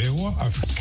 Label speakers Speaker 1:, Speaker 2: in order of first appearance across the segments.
Speaker 1: VOA Afrique.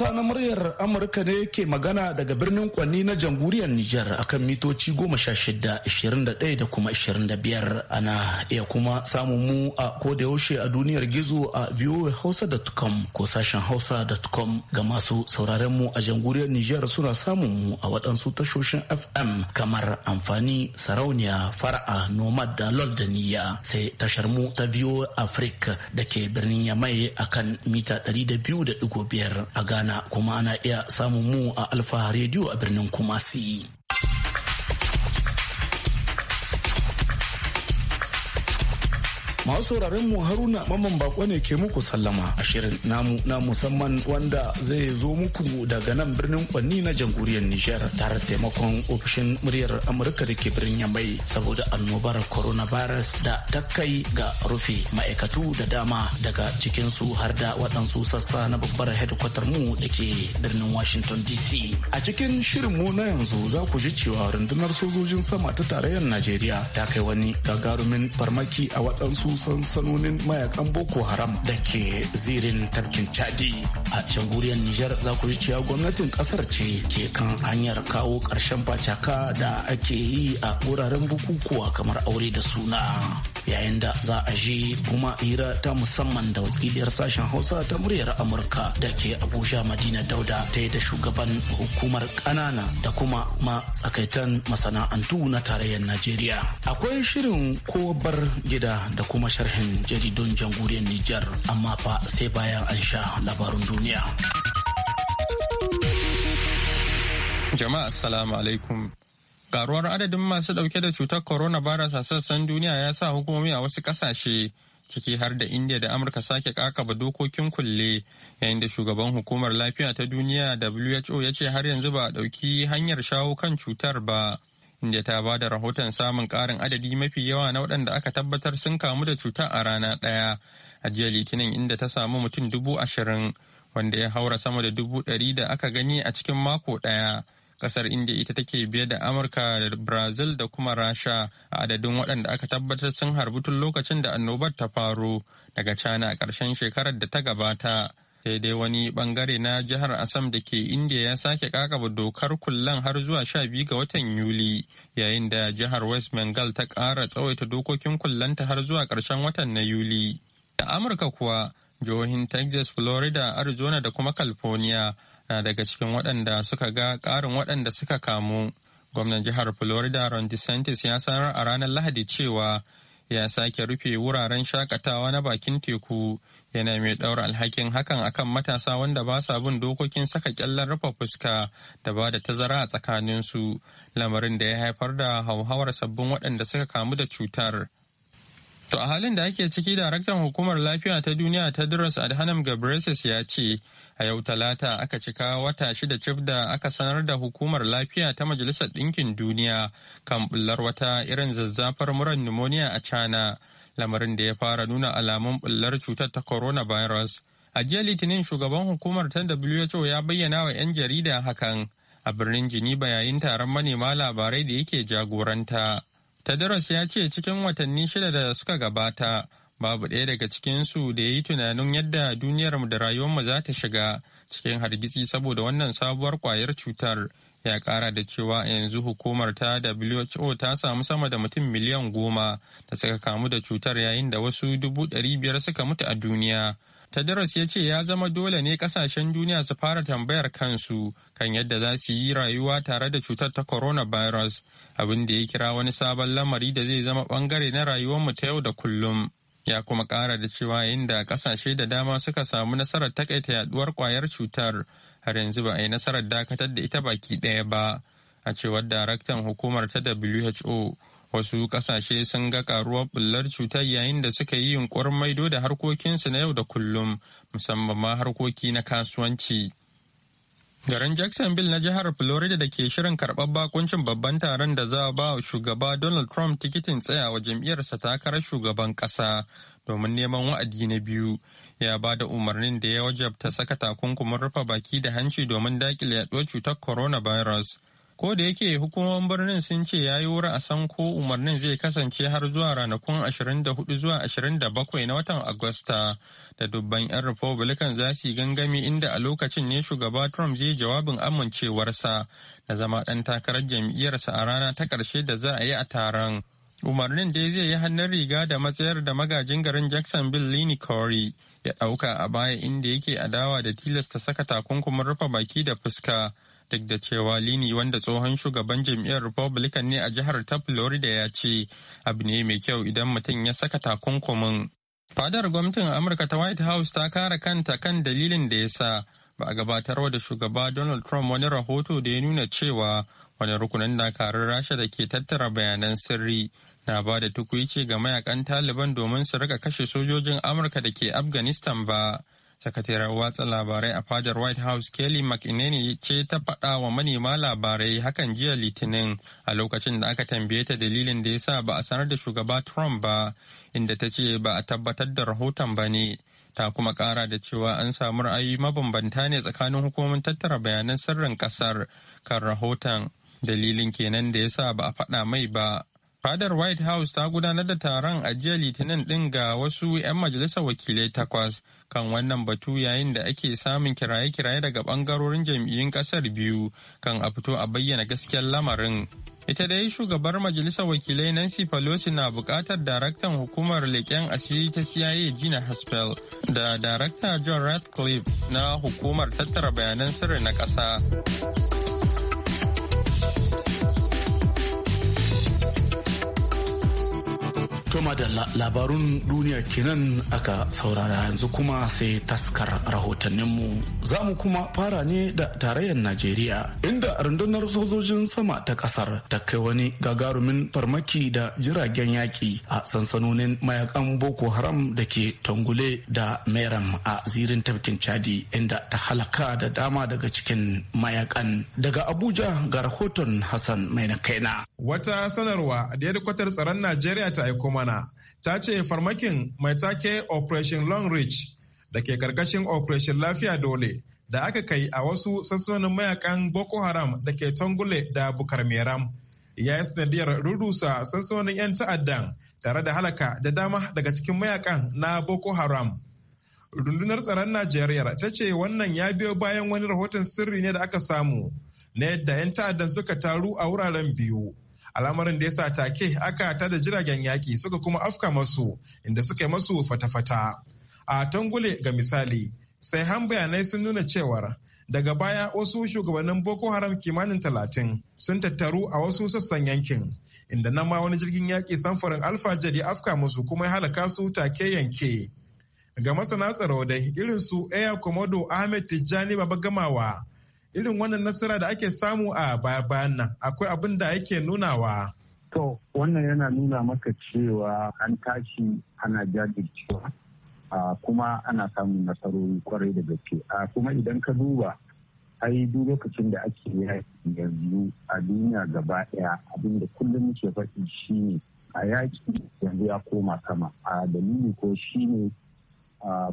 Speaker 2: Hausa na muryar Amurka ne ke magana daga birnin Kwanni na jamhuriyar Nijar akan mitoci goma sha shida, ishirin da daya da kuma ishirin da biyar. Ana iya kuma samun mu a ko da yaushe a duniyar gizo a voahausa.com ko sashen hausa.com ga masu sauraren mu a jamhuriyar Nijar suna samun mu a waɗansu tashoshin FM kamar amfani sarauniya fara'a nomad da lol da niyya sai tashar mu ta VOA Africa da ke birnin Yamai akan mita ɗari da biyu da ɗigo biyar a Ghana. kuma ana iya samun mu a Alfa Radio a birnin Kumasi. masu sauraron mu haruna maman bako ne ke muku sallama a shirin namu na musamman wanda zai zo muku daga nan birnin kwanni na jamhuriyar nijar tare taimakon ofishin muryar amurka da ke birnin yamai saboda annobar coronavirus da ta kai ga rufe ma'aikatu da dama daga cikin su har da waɗansu sassa na babbar hedkwatar mu da ke birnin washington dc a cikin shirin mu na yanzu za ku ji cewa rundunar sojojin sama ta tarayyar najeriya ta kai wani gagarumin farmaki a waɗansu wasu sansanonin mayakan boko haram da ke zirin tafkin chadi a shanguriyar nijar za ku cewa gwamnatin kasar ce ke kan hanyar kawo ƙarshen facaka da ake yi a wuraren bukukuwa kamar aure da suna yayin da za a ji kuma hira ta musamman da wakiliyar sashen hausa ta muryar amurka da ke abuja madina dauda ta yi da shugaban hukumar ƙanana da kuma matsakaitan masana'antu na tarayyar najeriya akwai shirin kobar gida da kuma kuma sharhin jaridun jamhuriyar Nijar amma fa sai bayan an sha labarun duniya.
Speaker 3: Jama'a assalamu alaikum. Karuwar adadin masu dauke da cutar coronavirus a sassan duniya ya sa hukumomi a wasu kasashe ciki har da India da Amurka sake kakaba dokokin kulle yayin da shugaban hukumar lafiya ta duniya WHO ya ce har yanzu ba a dauki hanyar shawo kan cutar ba. inda ta ba da rahoton samun ƙarin adadi mafi yawa na waɗanda aka tabbatar sun kamu da cuta a rana ɗaya a jiya litinin inda ta samu mutum dubu ashirin wanda ya haura sama da dubu ɗari da aka gani a cikin mako ɗaya ƙasar inda ita take biye da amurka da brazil da kuma rasha a adadin waɗanda aka tabbatar sun harbi tun lokacin da annobar ta faru daga cana a ƙarshen shekarar da ta gabata sai dai wani bangare na jihar assam da ke india ya sake kakaba dokar kullan har zuwa 12 ga watan yuli yayin da jihar west bengal ta kara tsawaita dokokin kullanta har zuwa karshen watan na yuli da amurka kuwa jihohin texas florida arizona da kuma california na daga cikin waɗanda suka ga ƙarin waɗanda suka kamu gwamnan jihar florida ron desantis ya sanar a ranar lahadi cewa ya sake rufe wuraren shakatawa na bakin teku yana mai ɗaura alhakin hakan akan matasa wanda ba sa bin dokokin saka kyallar rufe fuska da ba da tazara a tsakaninsu lamarin da ya haifar da hauhawar sabbin waɗanda suka kamu da cutar To a halin da ake ciki daraktan hukumar lafiya ta duniya ta Tedros Adhanom Ghebreyesus ya ce a yau talata aka cika wata shida cif da aka sanar da hukumar lafiya ta Majalisar Ɗinkin Duniya kan bullar wata irin zazzafar muran pneumonia a China lamarin da ya fara nuna alamun bullar cutar ta coronavirus. A jiya Litinin shugaban hukumar ta WHO ya bayyana wa 'yan jarida hakan a birnin Geneva yayin taron manema labarai da yake jagoranta. Tedros ya ce cikin watanni shida da suka gabata babu ɗaya daga cikinsu da ya yi tunanin yadda duniyarmu da rayuwarmu za ta shiga cikin hargitsi saboda wannan sabuwar kwayar cutar ya ƙara da cewa yanzu hukumar ta WHO ta samu sama da mutum miliyan goma da suka kamu da cutar yayin da wasu dubu ɗari biyar suka mutu a duniya. Tedros ya ce ya zama dole ne kasashen duniya su fara tambayar kansu kan yadda za su yi rayuwa tare da cutar ta coronavirus abin da ya kira wani sabon lamari da zai zama bangare na rayuwar mu ta yau da kullum. Ya kuma kara da cewa inda kasashe da dama suka samu nasarar takaita yaduwar kwayar cutar har yanzu ba a yi nasarar dakatar da ita baki ɗaya ba a cewar daraktan hukumar ta WHO. Wasu kasashe sun ga karuwar bullar cutar yayin da suka yi yunƙurin maido da harkokinsu na yau da kullum, musamman ma harkoki na kasuwanci. Garin Jacksonville na jihar Florida da ke shirin karɓar bakuncin babban taron da za a ba shugaba Donald Trump tikitin tsayawa jam'iyyarsa takarar shugaban ƙasa domin neman wa'adi na biyu. Ya ba da umarnin da ya wajabta saka takunkumin rufe baki da hanci domin daƙile yaɗuwar cutar coronavirus. ko da yake hukumomin birnin sun ce ya yi wuri a san ko umarnin zai kasance har zuwa ranakun 24 zuwa 27 na watan agusta da dubban 'yan republican za su yi gangami inda a lokacin ne shugaba trump zai jawabin amincewarsa da zama ɗan takarar jam'iyyarsa a rana ta karshe da za a yi a taron umarnin dai zai yi hannun riga da matsayar da magajin garin jacksonville lini corey ya ɗauka a baya inda yake adawa da tilasta saka takunkumin rufe baki da fuska duk da cewa lini wanda tsohon shugaban jam'iyyar republican ne a jihar ta florida ya ce abu ne mai kyau idan mutum ya saka takunkumin fadar gwamnatin amurka ta white house ta kara kanta kan dalilin da ya sa ba a gabatarwa da shugaba donald trump wani rahoto da ya nuna cewa wani rukunin dakarun rasha da ke tattara bayanan sirri na ba da tukuici ga mayakan taliban domin su rika kashe sojojin amurka da ke afghanistan ba sakataren watsa labarai a fadar white house kelly mcinerney ce ta faɗa wa manema labarai hakan jiya litinin a lokacin da aka tambaye ta dalilin da ya sa ba a sanar da shugaba trump ba inda ta ce ba a tabbatar da rahoton ba ne ta kuma kara da cewa an samu ra'ayi mabambanta ne tsakanin hukumomin tattara bayanan sirrin kasar kan rahoton dalilin kenan da ya sa ba a faɗa mai ba Fadar White House ta gudanar da taron a jiya Litinin ɗin ga wasu 'yan majalisar wakilai takwas kan wannan batu yayin da ake samun kiraye-kiraye daga ɓangarorin jam'iyyun ƙasar biyu kan a fito a bayyana gaskiyar lamarin. Ita dai shugabar majalisar wakilai Nancy Pelosi na bukatar daraktan hukumar leƙen asiri ta CIA Gina Haspel da darakta John Ratcliffe na hukumar tattara bayanan sirri na ƙasa.
Speaker 2: gama da labarun duniya kenan aka saurara yanzu kuma sai taskar rahotanninmu. Za mu kuma fara ne da tarayyar Najeriya inda rundunar sojojin sama ta kasar ta kai wani gagarumin farmaki da jiragen yaƙi a sansanonin mayakan Boko Haram da ke Tangule da Meram a zirin tafkin Chadi inda ta halaka da dama daga cikin mayakan. Daga Abuja
Speaker 1: ga rahoton Hassan Mai na kaina. Wata sanarwa da kwatar tsaron Najeriya ta aiko mana Ghana ta ce farmakin mai take Operation Long Reach da ke karkashin Operation Lafiya Dole da aka kai a wasu sassanin mayakan Boko Haram da ke Tongule da Bukar Meram ya yi sanadiyar rurusa sassanin 'yan ta'addan tare da halaka da dama daga cikin mayakan na Boko Haram. Rundunar tsaron Najeriya ta ce wannan ya biyo bayan wani rahoton sirri ne da aka samu na yadda 'yan ta'addan suka taru a wuraren biyu al'amarin da ya sa take aka tada jiragen yaƙi suka kuma afka masu inda suka yi masu fata-fata a tangule ga misali sai han bayanai sun nuna cewar daga baya wasu shugabannin boko haram kimanin talatin sun tattaru a wasu sassan yankin inda nan ma wani jirgin yaƙi samfurin alfa ya afka musu kuma ya halaka su take yanke ga masana tsaro dai irin su Air Komodo Ahmed Tijjani Baba Gamawa irin wannan nasara da ake samu a baya bayan nan akwai abin da yake nunawa to wannan yana nuna maka
Speaker 4: cewa an tashi ana jajircewa a kuma ana samun nasarori kwarai da gaske kuma idan ka duba ai duk lokacin da ake yaki yanzu a duniya gaba daya abin da kullum muke faɗi shine a yaki yanzu ya koma sama a dalili ko shine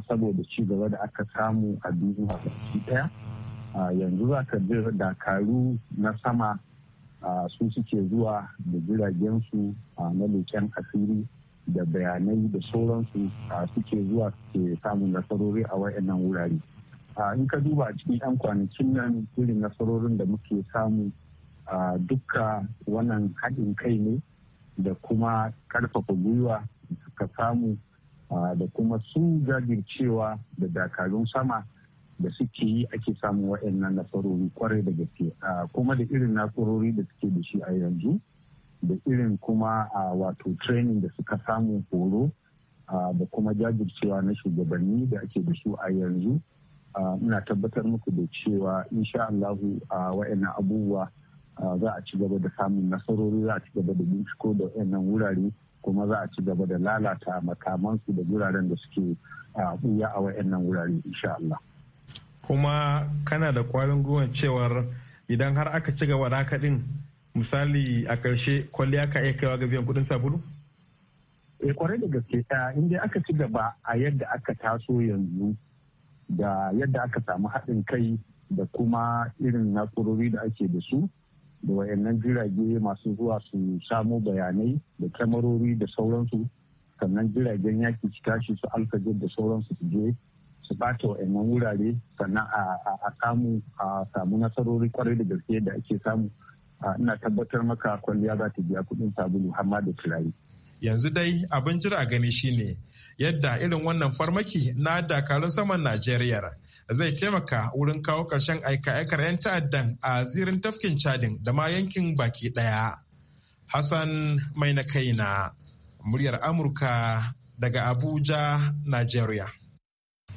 Speaker 4: saboda ci gaba da aka samu a duniya baki daya yanzu za ka ji dakaru na sama su suke zuwa da jiragensu na leken asiri da bayanai da sauransu suke zuwa ke samun nasarori a wayannan wurare in ka duba a cikin 'yan kwanakin nan irin nasarorin da muke samu dukka wannan haɗin kai ne da kuma karfafa gwiwa suka samu da kuma su jajircewa da dakarun sama da suke yi ake samun wa'annan nasarori kwarai da gaske kuma da irin nasarori da suke da shi a yanzu da irin kuma a wato training da suka samu horo da kuma jajircewa na shugabanni da ake da su a yanzu ina tabbatar muku da cewa insha Allahu wa'annan abubuwa za a ci gaba da samun nasarori za a ci gaba da binciko da wa'annan wurare kuma za a ci gaba da lalata makamansu da wuraren da suke buya a wa'annan wurare insha Allah.
Speaker 1: kuma kana da kwarin gwiwa cewar idan har aka ci gaba da misali a ƙarshe kwalliya ka iya kaiwa ga biyan kuɗin sabulu?
Speaker 4: E, kwarai da gaske in dai aka ci gaba a yadda aka taso yanzu da yadda aka samu haɗin kai da kuma irin nasurori da ake da su da wayannan jirage masu zuwa su samo bayanai da kyamarori da sauransu sannan jiragen yaki su tashi su alfajir da sauransu su je su ɓata wa'annan wurare sannan a samu a samu nasarori kwarai da gaske da ake samu ina tabbatar maka kwalliya za ta biya kuɗin sabulu har da turare. yanzu
Speaker 1: dai abin jira gani shine yadda irin wannan farmaki na dakarun saman najeriya zai taimaka wurin kawo karshen aika-aikar 'yan ta'addan a zirin tafkin cadin da ma yankin baki ɗaya. Hassan mai na kaina, muryar Amurka daga Abuja, Najeriya.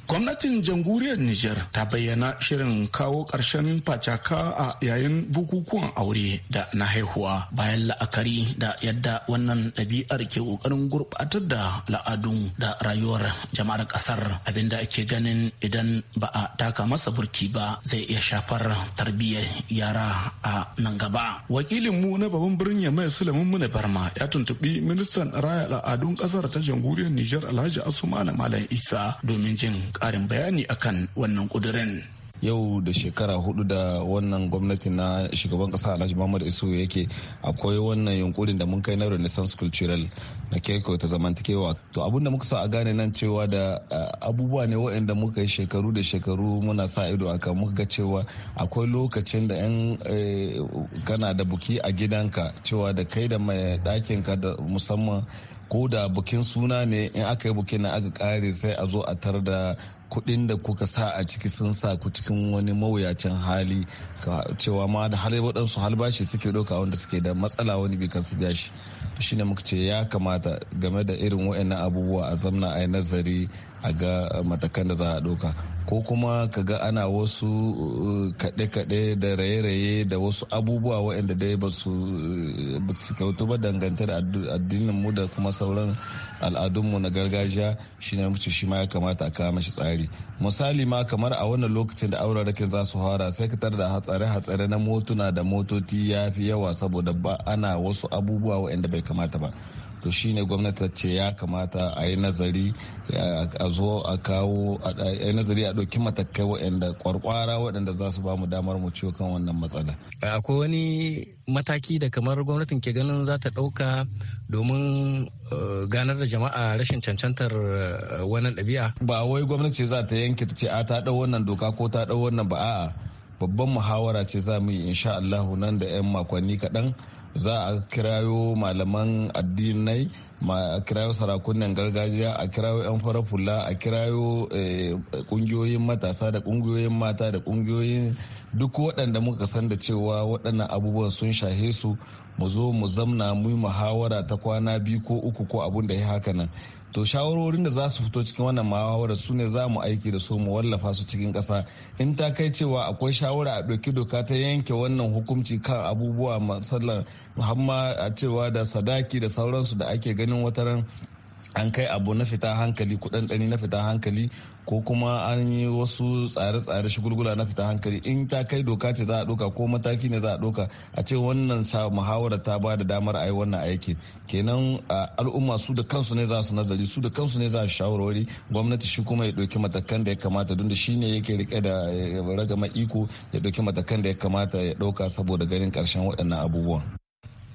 Speaker 1: Gwamnatin jamhuriyar
Speaker 2: Nijar ta bayyana shirin kawo ƙarshen facaka a yayin bukukuwan aure da na haihuwa bayan la'akari da yadda wannan ɗabi'ar ke ƙoƙarin gurɓatar da la'adun da rayuwar jama'ar ƙasar abinda ake ganin idan ba a taka masa burki ba zai iya shafar tarbiyyar yara a nan gaba. Wakilin mu na babban birnin Yamai Sulaiman Muna Barma ya tuntuɓi ministan raya al'adun ƙasar ta jamhuriyar Nijar Alhaji na Malam Isa domin jin karin bayani akan wannan kudurin. yau da shekara hudu da wannan gwamnati na shugaban
Speaker 5: kasa alhaji muhammadu isu yake akwai wannan yunkurin da mun kai na renaissance cultural na keko ta zamantakewa to abinda muka sa a gane nan cewa da eh, abubuwa ne waɗanda muka yi shekaru da shekaru muna sa ido a muka ga cewa akwai lokacin da yan eh, kana da buki a gidanka cewa da kai da mai ɗakinka da musamman ko da bukin suna ne in aka yi bukin na aka kare sai a zo a tar da kuɗin da kuka sa a ciki sun sa ku cikin wani mawuyacin hali cewa ma da har waɗansu halbashi suke ɗauka wanda suke da matsala wani bi kan su biya shi shine muka ce ya kamata game da irin wa'annan abubuwa a zamna a yi nazari a ga matakan da za a ɗauka ko kuma ka ga ana wasu uh, kaɗe-kaɗe da raye-raye da wasu abubuwa waɗanda dai ba su uh, kautu ba dangance da addininmu da kuma sauran al'adunmu na gargajiya shi ne mutu shi ma ya kamata a kawo mashi tsari misali ma kamar a wannan lokacin da auren za su fara sai ka tar da hatsare-hatsare na motuna da motoci ya fi yawa saboda ba ana wasu abubuwa waɗanda bai kamata ba to shi ne gwamnati ce ya kamata a yi nazari a zo a kawo a yi nazari a ɗauki matakai waɗanda kwarkwara waɗanda za su ba mu damar mu ciwo kan wannan matsala.
Speaker 6: akwai wani mataki da kamar gwamnatin ke ganin za ta ɗauka domin eh, ganar da jama'a rashin cancantar eh, wannan ɗabi'a. ba wai gwamnati za ta yanke ta ce a
Speaker 5: ta ɗau wannan doka ko ta ɗau wannan ba a'a babban muhawara ce za mu yi insha Allahu nan da 'yan makonni kaɗan za a kirayo malaman addinai a kirayo sarakunan gargajiya a kirayo 'yan fara fula a kirayo kungiyoyin eh, matasa da kungiyoyin mata da kungiyoyin duk waɗanda muka san da cewa waɗannan abubuwan sun shahe su mu zo mu zamna mu yi muhawara ta kwana biyu ko uku ko abun da ya haka nan to shawarorin da za su fito cikin wannan muhawara su ne za mu aiki da su mu wallafa su cikin ƙasa in ta kai cewa akwai shawara a ɗauki doka ta yanke wannan hukunci kan abubuwa musamman muhamma a cewa da sadaki da sauransu da ake ganin wataran an kai abu na fita hankali kudandani na fita hankali ko kuma an yi wasu tsare-tsare shigulgula na fita hankali in ta kai doka ce za a doka ko mataki ne za a doka a ce wannan sa muhawara ta ba da damar a yi wannan aikin kenan al'umma su da kansu ne za su nazari su da kansu ne za su shawarwari gwamnati shi kuma ya ɗauki matakan da ya kamata don shi ne yake rike da eh, ragama iko ya ɗauki matakan da ya kamata ya ɗauka saboda ganin
Speaker 2: ƙarshen waɗannan abubuwan.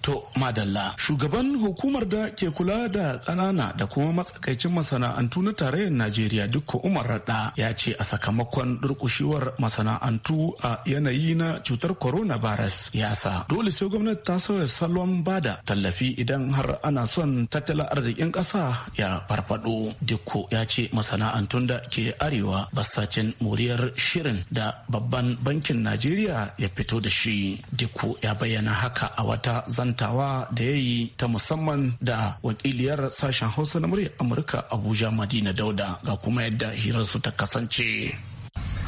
Speaker 2: To madalla shugaban hukumar da ke kula da ƙanana da kuma matsakaicin masana'antu na tarayyar Najeriya dukko Umar Radda ya ce a sakamakon durƙushewar masana'antu a yanayi na cutar Corona coronavirus ya sa dole sai gwamnati ta sauya salon bada tallafi idan har ana son tattalin arzikin ƙasa ya farfado. Dukko ya ce masana'antun da ke arewa basacin muriyar shirin da babban bankin Najeriya ya fito da shi. Dukko ya bayyana haka a wata zan zantawa da ya yi ta musamman da wakiliyar sashen hausa na murya amurka abuja madina dauda ga kuma yadda hirarsu ta kasance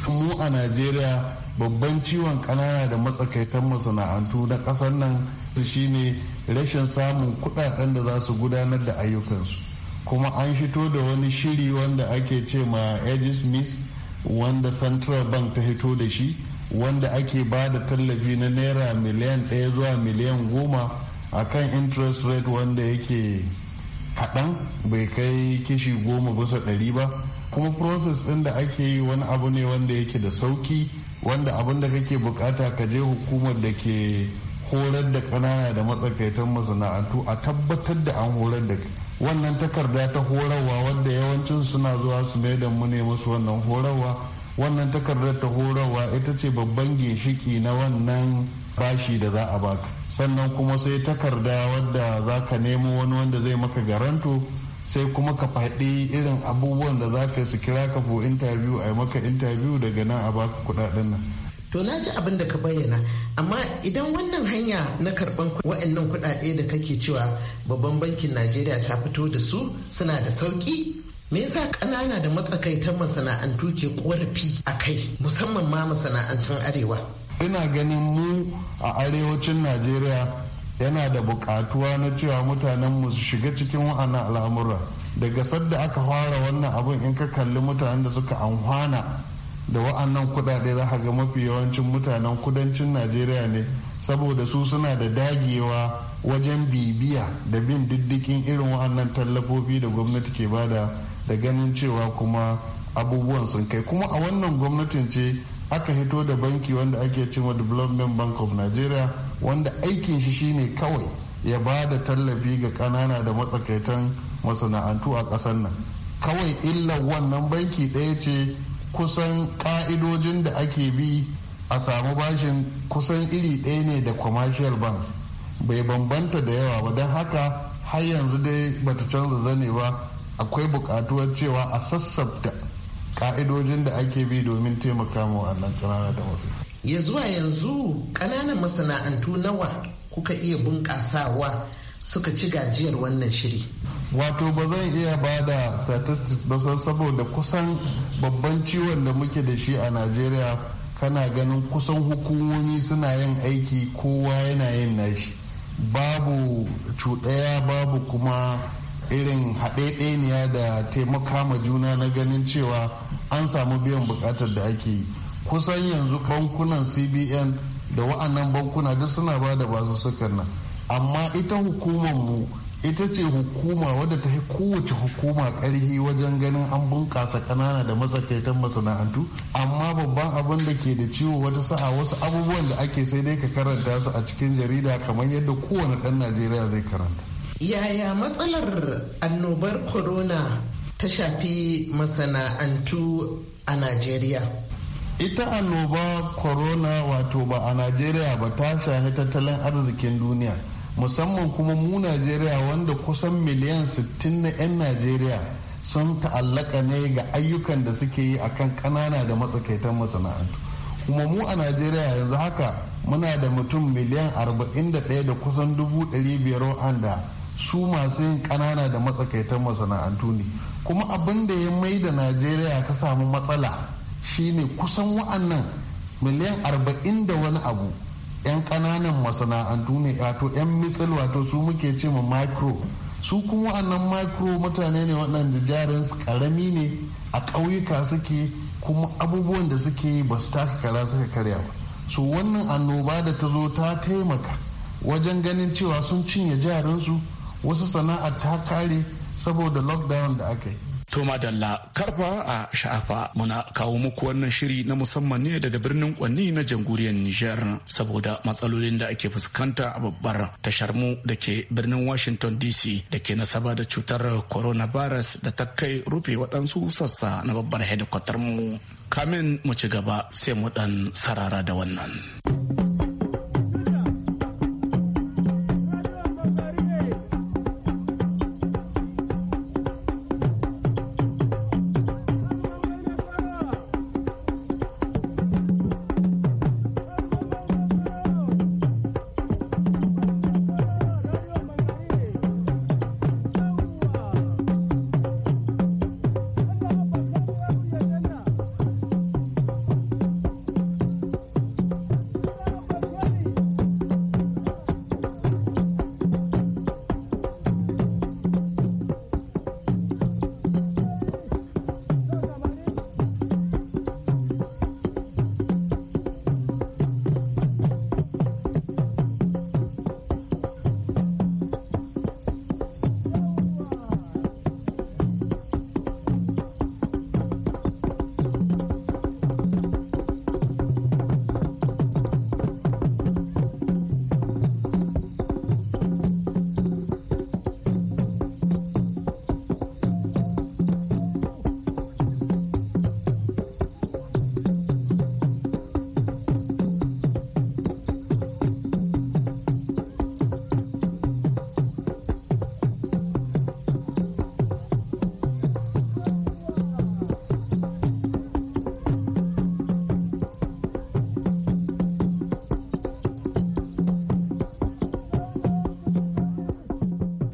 Speaker 7: mu a najeriya babban ciwon kanana da matsakaitan masana'antu na ƙasar nan shine rashin samun kudaden da za su gudanar da ayyukansu kuma an fito da wani shiri wanda ake ce ma edis wanda central bank ta hito da shi wanda ake ba da tallafi na naira miliyan ɗaya zuwa miliyan goma a kan interest rate wanda yake kaɗan bai kai kishi goma bisa ɗari ba kuma process ɗin da ake yi wani abu ne wanda yake da sauki wanda abin da kake bukata ka je hukumar da ke horar da ƙanana da matsakaitan masana'antu a tabbatar da an horar da wannan takarda ta horarwa wadda yawancin suna zuwa su mai da mu ne musu wannan horarwa wannan takardar ta horarwa ita ce babban ginshiki na wannan bashi da za a baka sannan kuma sai takarda wadda za ka nemo wani wanda zai maka garanto sai kuma ka faɗi irin abubuwan da za ka su kira ka fo interview a maka interview daga nan a baka kudaden nan to na ji abin da ka bayyana amma idan wannan hanya na karban wa'annan kuɗaɗe da kake cewa babban bankin najeriya ta fito da su suna da sauki me yasa ƙanana da matsakaitan masana'antu ke ƙorafi a kai musamman ma masana'antun arewa ina ganin mu a arewacin najeriya yana da buƙatuwa na cewa mutanen mu su shiga cikin wa'annan al'amura daga sadda aka fara wannan abin in ka kalli mutanen da suka amfana da wa'annan kuɗaɗe za ga mafi yawancin mutanen kudancin najeriya ne saboda su suna da dagewa wajen bibiya da bin diddikin irin wa'annan tallafofi da gwamnati ke bada da ganin cewa kuma abubuwan sun kai kuma a wannan gwamnatin ce aka hito da banki wanda ake cewa development bank of nigeria wanda aikin shi shine kawai ya ba da tallafi ga kanana da matsakaitan masana'antu a ƙasar nan kawai illar wannan banki ɗaya ce kusan ka'idojin da ake bi a samu bashin kusan iri ɗaya ne da commercial banks bai bambanta da yawa ba don haka har yanzu dai bata canza zane ba akwai buƙatuwar cewa a sassabta ka'idojin da ake bi domin taimaka ma wannan ƙanana da masu ya zuwa yanzu ƙananan masana'antu nawa kuka iya bunƙasawa suka ci gajiyar wannan shiri wato ba zan iya ba da statistics ba saboda kusan babban ciwon da muke da shi a najeriya kana ganin kusan hukumomi suna yin aiki kowa yana yin nashi babu cuɗaya babu kuma irin haɗeɗeniya da taimaka ma juna na ganin cewa an samu biyan buƙatar da ake yi kusan yanzu bankunan cbn da wa'annan bankuna duk suna ba da basu sukan nan amma ita hukumar mu ita ce hukuma wadda ta yi kowace hukuma karhi wajen ganin an bunkasa ƙanana da matsakaitan masana'antu amma babban abin da ke da ciwo wata sa'a wasu abubuwan da ake sai dai ka karanta su a cikin jarida kamar yadda kowane ɗan najeriya zai karanta yaya matsalar annobar corona ta shafi masana'antu a najeriya ita annoba corona wato ba a najeriya ba ta shafi tattalin arzikin duniya musamman kuma mu najeriya wanda kusan miliyan 60 na 'yan najeriya sun ta'allaka ne ga ayyukan da suke yi a kan kanana da matsakaitan masana'antu kuma mu a najeriya yanzu haka muna da mutum miliyan 41 da kusan 500 wanda su masu yin kanana da matsakaitan masana'antu ne kuma abin da ya mai da najeriya ta samu matsala shine kusan wa'annan miliyan arba'in da wani abu 'yan kananan masana'antu ne wato 'yan misal wato su muke ce ma micro su kuma wa'annan micro mutane ne waɗanda jarin karami ne a ƙauyuka suke kuma abubuwan da suke yi ba su taka kara suka karya ba su wannan annoba da ta zo ta taimaka wajen ganin cewa sun cinye jarinsu wasu sana'a ta kare saboda lockdown da aka yi
Speaker 2: To Madalla karfa a sha'afa muna kawo muku wannan shiri na musamman ne daga birnin Kwanni na jamhuriyar Nijar saboda matsalolin da ake fuskanta a babbar tashar mu da ke birnin Washington DC da ke nasaba da cutar coronavirus da ta kai rufe waɗansu sassa na babbar hedikwatar mu. Kamin mu ci gaba sai mu ɗan sarara da wannan.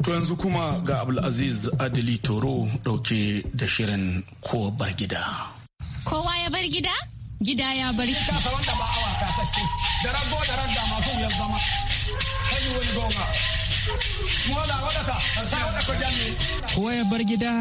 Speaker 2: To yanzu kuma ga Abdulaziz Adili Toro dauke da shirin ko bar gida.
Speaker 7: Kowa ya bar
Speaker 8: gida?
Speaker 9: Gida ya bar gida. ya bar gida?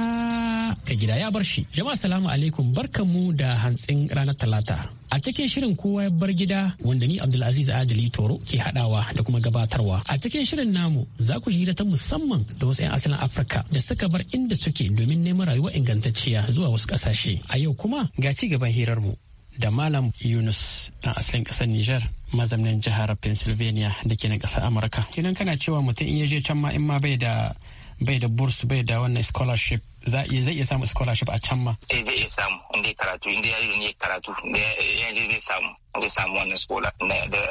Speaker 9: ka gida ya bar shi. Jama'a salamu alaikum barkanmu da hantsin ranar talata. A cikin shirin kowa ya bar gida wanda ni Abdulaziz Adali Toro ke hadawa da kuma gabatarwa. A cikin shirin namu za ku hira ta musamman da wasu 'yan asalin Afirka da suka bar inda suke domin neman rayuwa ingantacciya zuwa wasu kasashe A yau kuma ga ci gaban hirarmu da Malam Yunus ɗan asalin ƙasar Nijar. mazamnin jihar Pennsylvania da ke na ƙasar Amurka. Kinan kana cewa mutum in ya je can ma in ma bai da bai da burs bai da wannan scholarship zai iya samu scholarship a can ma.
Speaker 8: Eh zai iya samu inda ya karatu inda ya yi iya karatu ya je zai samu zai samu wannan scholar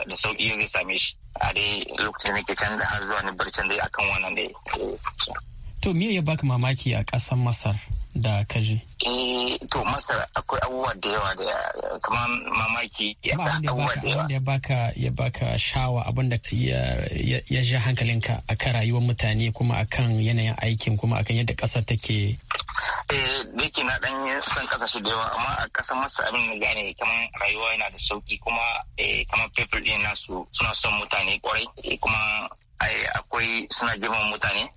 Speaker 8: da sauki zai same shi a dai lokacin da ke can da har zuwa ni bar can dai akan wannan ya
Speaker 9: To me ya baka mamaki a ƙasar Masar da kaji?
Speaker 8: Eh, to Masar akwai abubuwa da yawa da kamar mamaki ya abubuwa da
Speaker 9: yawa. Ya baka ya baka shawa abin da ya ja hankalinka a kan rayuwar mutane kuma a kan yanayin aikin kuma a kan yadda ƙasar take.
Speaker 8: Eh da yake na ɗan san shi da yawa amma a ƙasar Masar abin da gane kamar rayuwa yana da sauki kuma eh, kamar people ɗin nasu suna son mutane kwarai kuma eh, akwai suna girman mutane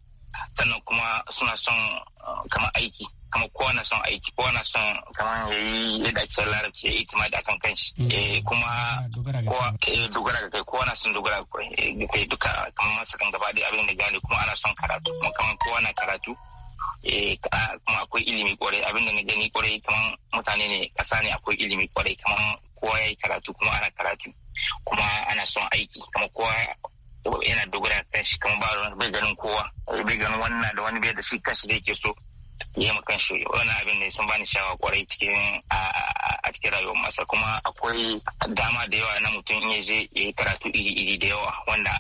Speaker 8: sannan kuma suna son uh, kama aiki kama kowa na son aiki kowa na son kamar ya yi yadda ake larabci ya yi itima da kan kanshi mm. eh, kuma eh, dogara ga kai kowa na son dogara ga kai eh, duka kamar masu kan gaba da abin da gane kuma ana son karatu kuma kamar kowa na karatu kuma akwai ilimi kwarai abin da na gani kwarai kamar mutane ne kasa ne akwai ilimi kwarai kamar kowa ya yi karatu kuma ana karatu kuma ana son aiki kamar kowa yana dogara kan shi kamar ba bai ganin kowa bai ganin wannan da wani bai da shi kashi da yake so yi ma kan shi wani abin ne sun bani shawa kwarai cikin a cikin rayuwar masa kuma akwai dama da yawa na mutum ya je ya yi karatu iri-iri da yawa wanda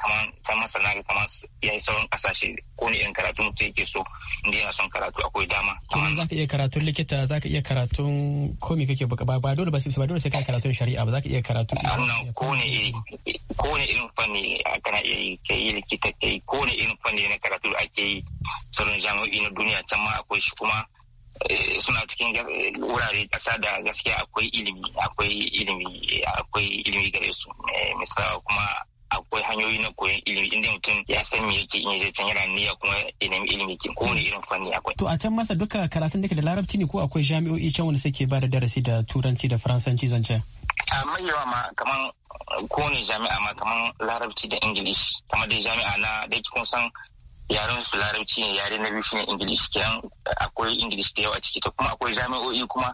Speaker 8: kamar ta masa na kamar ya yi sauran kasashe ko ne yan karatu mutum yake so inda yana son karatu akwai dama.
Speaker 9: kuma za ka iya karatun likita za ka iya karatun komi kake ba ba dole ba ba dole sai ka karatun shari'a ba za ka iya karatu. wannan
Speaker 8: ko ne iri ko ne irin fanni kana iya yi ka yi likita ka yi ko ne irin fanni na karatu da ake yi sauran jami'o'i na duniya can hakan akwai shi kuma eh, suna cikin wurare ƙasa da gaskiya akwai ilimi akwai ilimi eh, akwai ilimi gare su eh, misalawa kuma akwai hanyoyi na koyon ilimi inda mutum ya san me yake in je can yana niyya kuma mi ilimi ke kowane irin fanni akwai
Speaker 9: to a can masa duka karatun da larabci ne ko akwai jami'o'i can wanda suke ba da darasi da turanci da faransanci zance
Speaker 8: a mai yawa ma kaman kowane jami'a ma kaman larabci da ingilishi kamar dai jami'a na da kun san yaren su larabci ne yare na biyu shine english kenan akwai english da yawa a ciki to kuma akwai jami'o'i kuma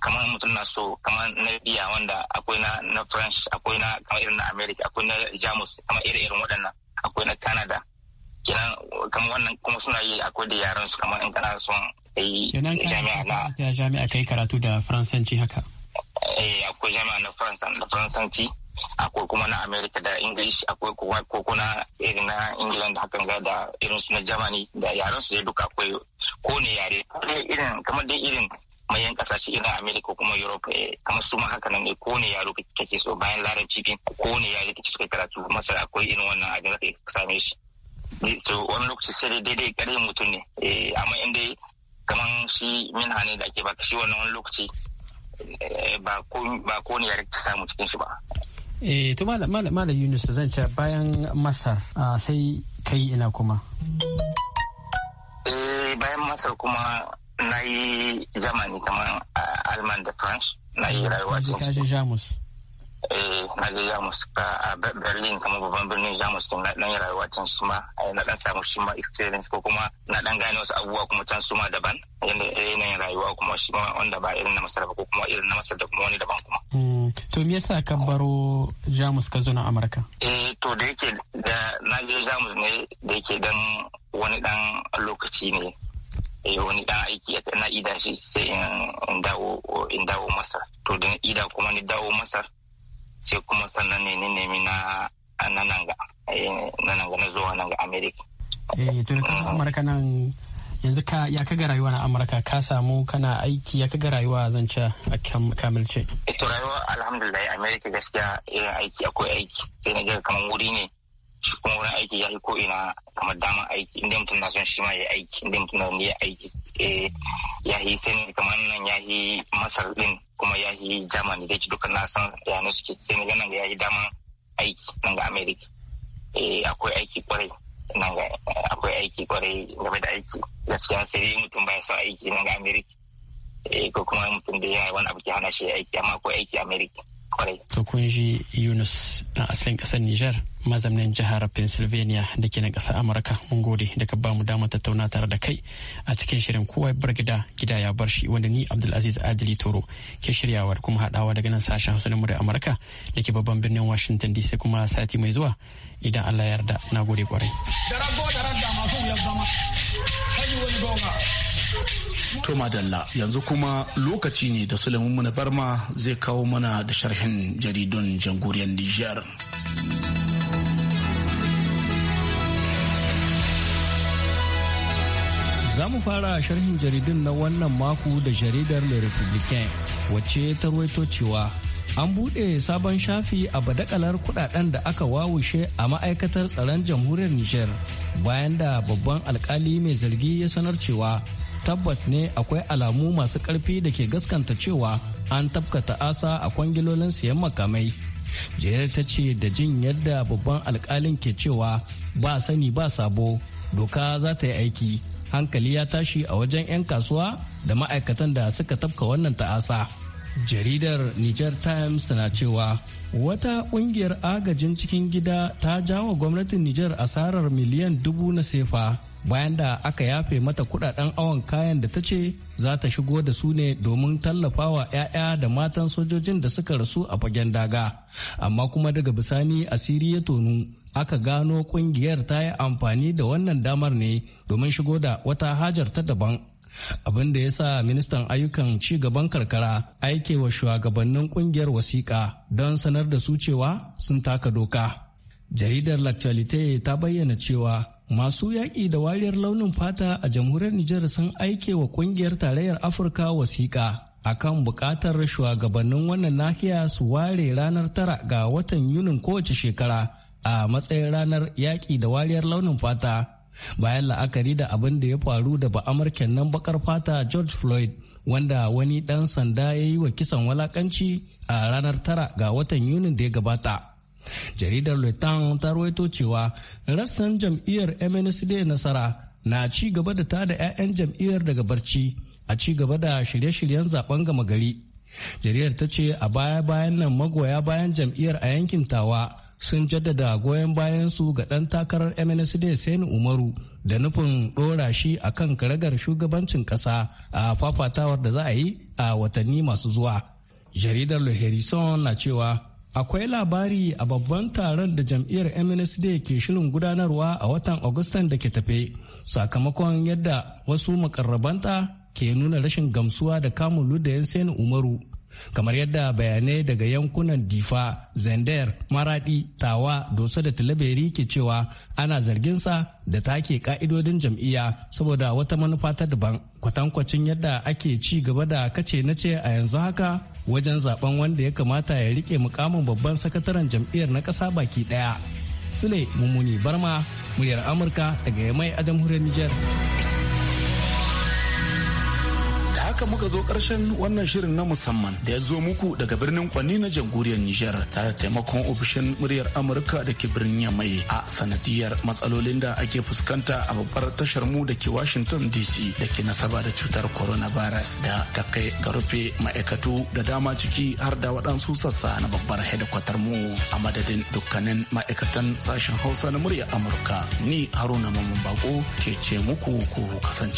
Speaker 8: kamar mutum na so kamar na biya wanda akwai na na french akwai na kamar irin na america akwai na jamus kamar irin irin waɗannan akwai na canada kenan kamar wannan kuma suna yi akwai da yaren su kamar in kana son kai jami'a na
Speaker 9: jami'a kai karatu da faransanci haka
Speaker 8: eh akwai jami'a na faransanci akwai kuma na america da english akwai kuma koko na irin na england hakan ga da irin su na germany da yaren su duka akwai ko ne yare irin kamar dai irin mayan kasashe irin america kuma europe eh, kamar su ma haka nan ne ko ne yaro kake so bayan larabci ke ko ne yare kake so kai karatu masar akwai irin wannan abin da ka same shi eh, so wani lokaci sai dai daidai karin mutum ne eh, amma inda kamar shi minha ne da ake baka shi wannan wani lokaci ba ko ne yare ka samu cikin shi ba
Speaker 9: eh to malam Yunus zan ce bayan Masar ah, sai kai ina kuma
Speaker 8: eh, bayan Masar kuma na yi Germany kamar ah, Alman da France
Speaker 9: na yi ah, rayuwa cikin Jamus
Speaker 8: Eh, na mu suka a berlin kamar babban birnin jamus na dan yi rayuwa can su ma eh, na dan samu shi ma experience ko kuma na dan gane wasu abubuwa kuma can su ma daban yanayin rayuwa kuma shi ma wanda ba irin na masar ba ko kuma irin na masar da kuma wani daban kuma.
Speaker 9: Mm, to me yasa ka baro jamus ka zo na amurka. eh
Speaker 8: to da yake da na je jamus ne da yake dan wani dan lokaci ne eh, wani dan aiki na ida shi sai in dawo in dawo masar to da ida kuma ni dawo masar sai kuma sannan ne ni nemi na nananga nananga eh, na zuwa nan ga america
Speaker 9: eh to da amurka nan yanzu ka ya ga rayuwa na amurka ka samu kana aiki ya ga rayuwa zan ce a kamilce
Speaker 8: eh, to rayuwa alhamdulillah america gaskiya irin eh, aiki akwai aiki sai na ga kamar wuri ne shi kuma wurin aiki ya yi ko ina kamar dama aiki inda mutum na son shi ma ya aiki inda mutum na ya aiki eh, ya yi sai kamar nan ya yi masar din kuma ya yi germany da ke dukkan na san yana suke sai ne ganin ya yi dama aiki nan ga america eh, akwai aiki kwarai nan ga eh, akwai aiki kwarai game da aiki gaskiya sai dai mutum bai son aiki nan ga america ko kuma mutum da ya yi wani abu ke hana shi aiki amma akwai aiki america
Speaker 9: kwarai. To kun ji Yunus na asalin kasar Nijar mazamnin jihar Pennsylvania da ke na kasar Amurka mun gode da ka bamu damar tattauna tare da kai a cikin shirin kowa bar gida gida ya bar shi wanda ni Abdulaziz Adili Toro ke shiryawa kuma haɗawa daga nan sashen Hausa na murya Amurka da ke babban birnin Washington DC kuma sati mai zuwa idan Allah ya yarda na gode kwarai. Da
Speaker 2: masu zama. gonga. To Madalla yanzu kuma lokaci ne da Sulaiman Muna Barma zai kawo mana da sharhin jaridun jamhuriyar Nijar.
Speaker 6: Za mu fara sharhin jaridun na wannan mako da jaridar Le Republicain wacce ta ruwaito cewa an buɗe sabon shafi a badakalar kudaden da aka wawushe a ma'aikatar tsaron jamhuriyar Nijar bayan da babban alkali mai zargi ya sanar cewa tabbat ne akwai alamu masu ƙarfi da ke gaskanta cewa an tafkata asa a kwangilolin siyan makamai jere ta ce da jin yadda babban alkalin ke cewa ba sani ba sabo doka za ta yi aiki hankali ya tashi a wajen 'yan kasuwa da ma'aikatan da suka tafka wannan ta'asa jaridar niger times na cewa wata kungiyar agajin cikin gida ta jawo gwamnatin niger asarar miliyan dubu na sefa bayan da aka yafe mata kudaden awon kayan da ta ce za ta shigo da su ne domin tallafawa 'ya'ya da matan sojojin da suka rasu a fagen daga amma kuma daga bisani asiri ya tonu aka gano kungiyar ta yi amfani da wannan damar ne domin shigo da wata hajar ta daban abin da ya sa ministan ayyukan ci gaban karkara aike wa shugabannin kungiyar wasiƙa don sanar da su cewa sun taka doka jaridar lactualite ta bayyana cewa Masu yaƙi da wariyar launin fata a jamhuriyar Nijar sun aike wa ƙungiyar tarayyar Afirka wasiƙa a kan buƙatar shugabannin wannan nahiya su ware ranar tara ga watan Yunin kowace shekara a matsayin ranar yaƙi da wariyar launin fata bayan la'akari da abin da ya faru da ba'amurken nan bakar fata George Floyd wanda wani ɗan sanda ya yi wa kisan walakanci a ranar tara ga watan Yunin da ya gabata. jaridar letan ta ruwaito cewa rassan jam'iyyar mnsd nasara na ci gaba da tada 'ya'yan jam'iyyar daga barci a ci gaba da shirye-shiryen zaben gama gari jaridar ta ce a baya-bayan nan magoya bayan jam'iyyar a yankin tawa sun jaddada goyon bayan su ga ɗan takarar MNSD Sani Umaru da nufin ɗora shi a kan karagar shugabancin ƙasa a fafatawar da za a yi a watanni masu zuwa. Jaridar Le na cewa akwai labari a babban taron da jam'iyyar MNSD ke shirin gudanarwa a watan Agustan da ke tafe sakamakon yadda wasu makarrabanta ke nuna rashin gamsuwa da kamun da sayan Umaru kamar yadda bayanai daga yankunan Difa, Zender, Maradi, Tawa, dosa da Tilaberi ke cewa ana zarginsa da take ka'idodin jam'iyya saboda wata manufa ta daban kwatankwacin yadda ake ci gaba da kace nace a yanzu haka wajen zaben wanda ya kamata ya rike mukamin babban sakataren jam'iyyar na ƙasa baki ɗaya. Sule Mummuni Barma, muryar Amurka daga Yamai a jamhuriyar Nijar. haka muka zo karshen wannan shirin na musamman da ya zo
Speaker 2: muku daga birnin Kwanni na jamhuriyar Nijar tare da taimakon ofishin muryar Amurka da ke birnin Yamai a sanadiyar matsalolin da ake fuskanta a babbar tashar mu da ke Washington DC da ke nasaba da cutar coronavirus da ta kai ga rufe ma'aikatu da dama ciki har da waɗansu sassa na babbar hedikwatar mu a madadin dukkanin ma'aikatan sashen Hausa na muryar Amurka ni Haruna Mamman Bako ke ce muku ku kasance